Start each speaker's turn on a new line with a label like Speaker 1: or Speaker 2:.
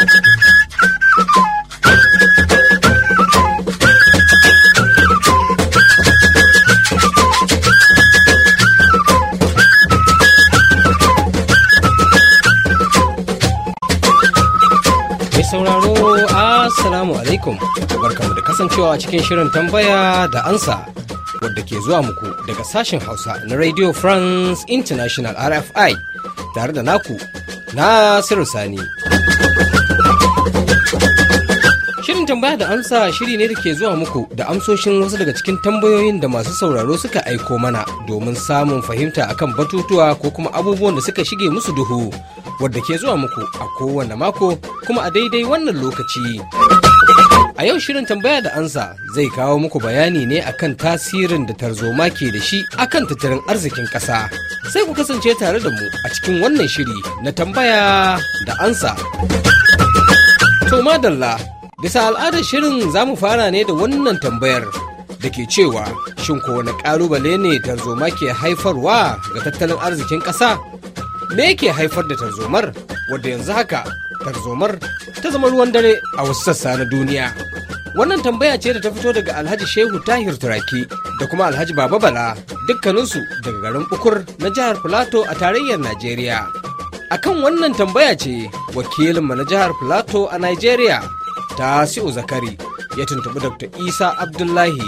Speaker 1: sauraro assalamu alaikum barkamu da kasancewa cikin shirin tambaya da ansa wadda ke zuwa muku daga sashen hausa na radio france international rfi tare da naku nasiru sani tambaya da amsa shiri ne da ke zuwa muku da amsoshin wasu daga cikin tambayoyin da masu sauraro suka aiko mana domin samun fahimta akan batutuwa ko kuma abubuwan da suka shige musu duhu wadda ke zuwa muku a kowane mako kuma a daidai wannan lokaci. A yau shirin tambaya da ansa zai kawo muku bayani ne akan tasirin da tarzoma ke da shi akan tattalin arzikin ƙasa. Sai ku kasance tare da mu a cikin wannan shiri na tambaya da ansa. To madalla Bisa al'adar shirin za mu fara ne da wannan tambayar da ke cewa shin ko kowane ƙalubale ne tarzoma ke haifarwa ga tattalin arzikin ƙasa? Me ke haifar da tarzomar wadda yanzu haka tarzomar ta zama ruwan dare a wasu sassa na duniya? Wannan tambaya ce da ta fito daga Alhaji Shehu Tahir Turaki da kuma Alhaji Baba Bala dukkaninsu daga garin Bukur na jihar Filato a tarayyar Najeriya. Akan wannan tambaya ce wakilinmu na jihar Filato a Najeriya tasiu zakari ya tuntuɓi dr isa abdullahi